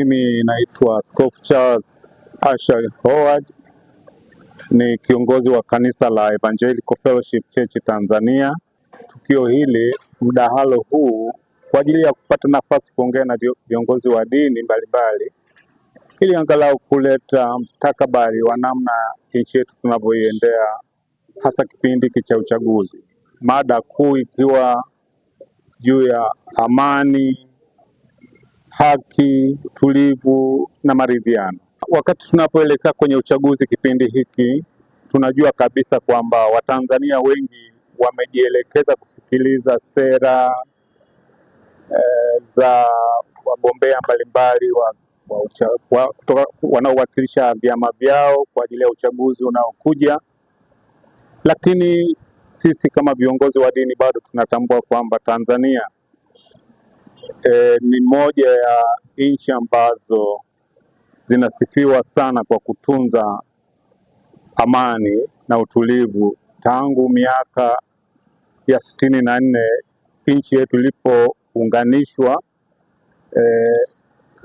Mimi naitwa Askofu Charles Asha Howard, ni kiongozi wa kanisa la Evangelical Fellowship Church Tanzania. Tukio hili, mdahalo huu, kwa ajili ya kupata nafasi kuongea na viongozi wa dini mbalimbali, ili angalau kuleta mstakabali wa namna nchi yetu tunavyoiendea, hasa kipindi hiki cha uchaguzi, mada kuu ikiwa juu ya amani haki, utulivu na maridhiano. Wakati tunapoelekea kwenye uchaguzi kipindi hiki, tunajua kabisa kwamba Watanzania wengi wamejielekeza kusikiliza sera e, za wagombea mbalimbali wa, wa, wa, wanaowakilisha vyama vyao kwa ajili ya uchaguzi unaokuja, lakini sisi kama viongozi wa dini bado tunatambua kwamba Tanzania e, ni moja ya nchi ambazo zinasifiwa sana kwa kutunza amani na utulivu tangu miaka ya sitini na nne nchi yetu ilipounganishwa e,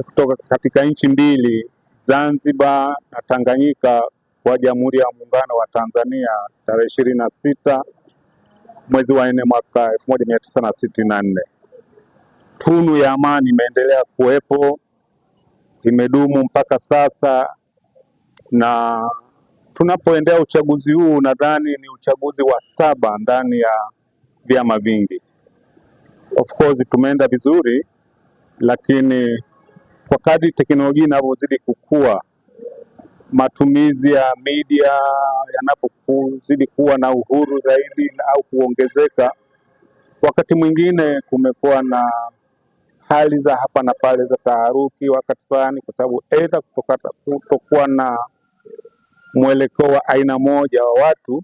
kutoka katika nchi mbili Zanzibar na Tanganyika kwa Jamhuri ya Muungano wa Tanzania tarehe ishirini na sita mwezi wa nne mwaka elfu moja mia tisa na sitini na nne. Tunu ya amani imeendelea kuwepo, imedumu mpaka sasa, na tunapoendea uchaguzi huu, nadhani ni uchaguzi wa saba ndani ya vyama vingi. Of course tumeenda vizuri, lakini kwa kadri teknolojia inavyozidi kukua, matumizi ya media yanapozidi kuwa na uhuru zaidi au kuongezeka, wakati mwingine kumekuwa na hali za hapa na pale za taharuki wakati fulani, kwa sababu aidha kutokuwa na mwelekeo wa aina moja wa watu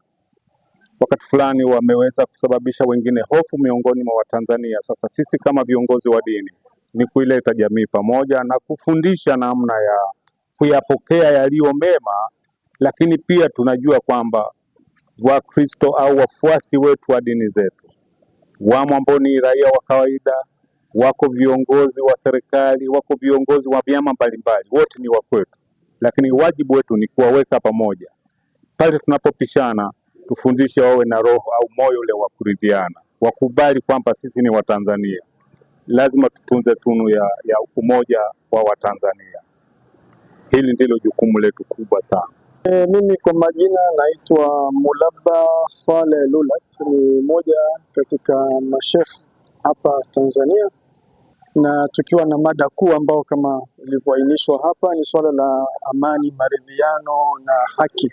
wakati fulani wameweza kusababisha wengine hofu miongoni mwa Watanzania. Sasa sisi kama viongozi wa dini ni kuileta jamii pamoja na kufundisha namna ya kuyapokea yaliyo mema, lakini pia tunajua kwamba Wakristo au wafuasi wetu wa dini zetu wamo ambao ni raia wa kawaida wako viongozi wa serikali, wako viongozi wa vyama mbalimbali, wote ni wakwetu, lakini wajibu wetu ni kuwaweka pamoja pale tunapopishana, tufundishe wawe na roho au moyo ule wa kuridhiana, wakubali kwamba sisi ni Watanzania. Lazima tutunze tunu ya, ya umoja wa Watanzania. Hili ndilo jukumu letu kubwa sana. E, mimi kwa majina naitwa Mulaba Saleh Lulat, ni mmoja katika mashefu hapa Tanzania, na tukiwa na mada kuu ambao kama ilivyoainishwa hapa ni suala la amani, maridhiano na haki.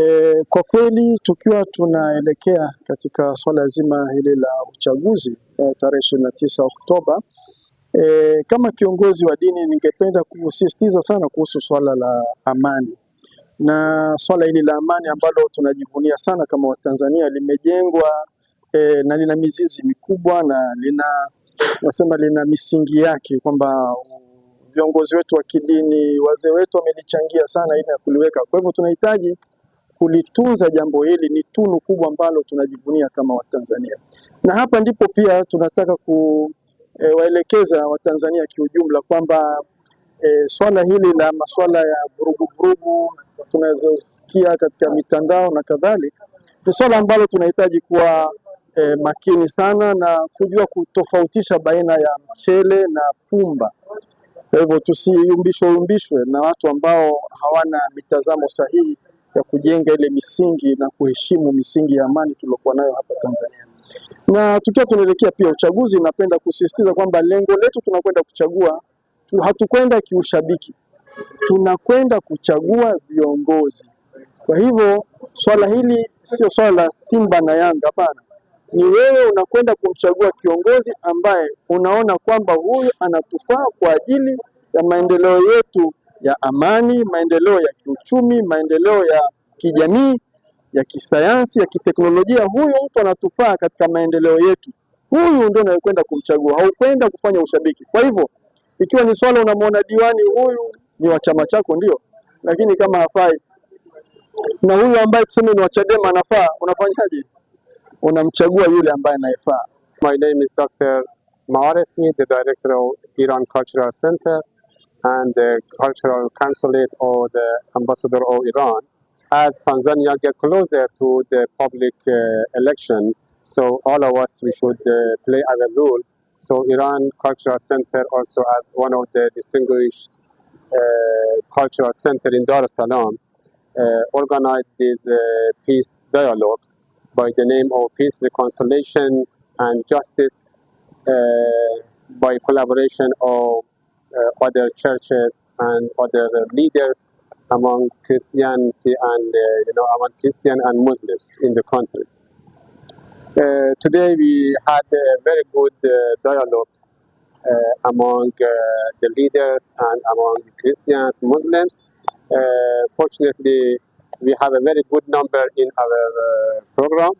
E, kwa kweli tukiwa tunaelekea katika suala zima hili la uchaguzi e, tarehe ishirini na tisa Oktoba e, kama kiongozi wa dini ningependa kusisitiza sana kuhusu suala la amani na swala hili la amani ambalo tunajivunia sana kama Watanzania limejengwa e, na lina mizizi mikubwa na lina nasema lina misingi yake kwamba viongozi wetu wa kidini, wazee wetu wamelichangia sana ili ya kuliweka. Kwa hivyo tunahitaji kulitunza jambo hili, ni tunu kubwa ambalo tunajivunia kama Watanzania, na hapa ndipo pia tunataka kuwaelekeza eh, e, Watanzania kiujumla kwamba e, swala hili la masuala ya vuruguvurugu tunazosikia katika mitandao na kadhalika ni swala ambalo tunahitaji kuwa e, makini sana na kujua kutofautisha baina ya mchele na pumba. Kwa hivyo tusiyumbishwe yumbishwe na watu ambao hawana mitazamo sahihi ya kujenga ile misingi na kuheshimu misingi ya amani tuliokuwa nayo hapa Tanzania. Na tukiwa tunaelekea pia uchaguzi, napenda kusisitiza kwamba lengo letu tunakwenda kuchagua tu, hatukwenda kiushabiki, tunakwenda kuchagua viongozi. Kwa hivyo swala hili sio swala la Simba na Yanga, hapana ni wewe unakwenda kumchagua kiongozi ambaye unaona kwamba huyu anatufaa kwa ajili ya maendeleo yetu ya amani, maendeleo ya kiuchumi, maendeleo ya kijamii, ya kisayansi, ya kiteknolojia. Huyu mtu anatufaa katika maendeleo yetu, huyu ndio unayekwenda kumchagua, haukwenda kufanya ushabiki. Kwa hivyo, ikiwa ni swala unamwona diwani huyu ni wa chama chako, ndio, lakini kama hafai na huyu ambaye tuseme ni wa Chadema anafaa, unafanyaje? unamchagua yule ambaye anayefaa. My name is Dr. Maarifni, the director of Iran Cultural Center and the cultural consulate or the ambassador of Iran. As Tanzania get closer to the public uh, election, so all of us we should uh, play our role. So Iran Cultural Center also as one of the distinguished uh, cultural center in Dar es Salaam uh, organized this uh, peace dialogue by the name of Peace, Reconciliation, and Justice uh, by collaboration of uh, other churches and other uh, leaders among Christianity and uh, you know among Christian and Muslims in the country. Uh, today we had a very good dialogue among the leaders and among Christians, Muslims. fortunately, we have a very good number in our uh, program,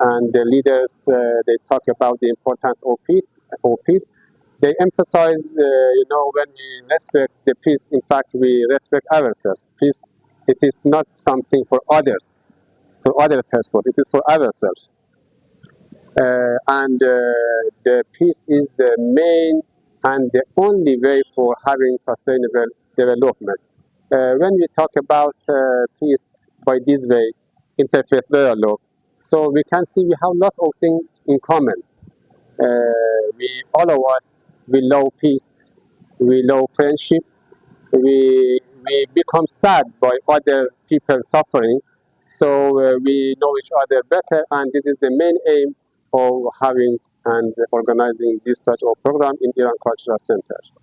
and the leaders uh, they talk about the importance of peace. Of peace. They emphasize, uh, you know, when we respect the peace, in fact, we respect ourselves. Peace, it is not something for others, for other people. It is for ourselves. Uh, and uh, the peace is the main and the only way for having sustainable development. Uh, when we talk about uh, peace by this way, interfaith dialogue, so we can see we have lots of things in common. Uh, we all of us we love peace, we love friendship, we we become sad by other people suffering, so uh, we know each other better, and this is the main aim of having and organizing this type of program in Iran Cultural Center.